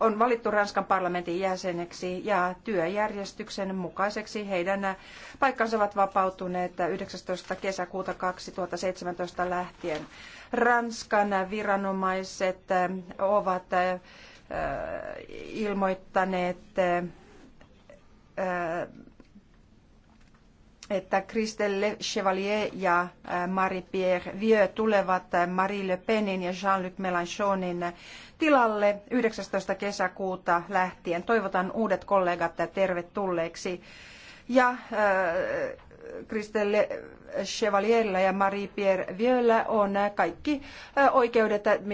on valittu Ranskan parlamentin jäseneksi ja työjärjestyksen mukaiseksi heidän paikkansa ovat vapautuneet 19. kesäkuuta 2017 lähtien. Ranskan viranomaiset ovat ilmoittaneet että Christelle Chevalier ja äh, Marie-Pierre Vieux tulevat äh, Marie Le Penin ja Jean-Luc Mélenchonin tilalle 19. kesäkuuta lähtien. Toivotan uudet kollegat tervetulleeksi. Ja äh, Christelle Chevalierilla ja Marie-Pierre Vieuxllä on kaikki äh, oikeudet, mitä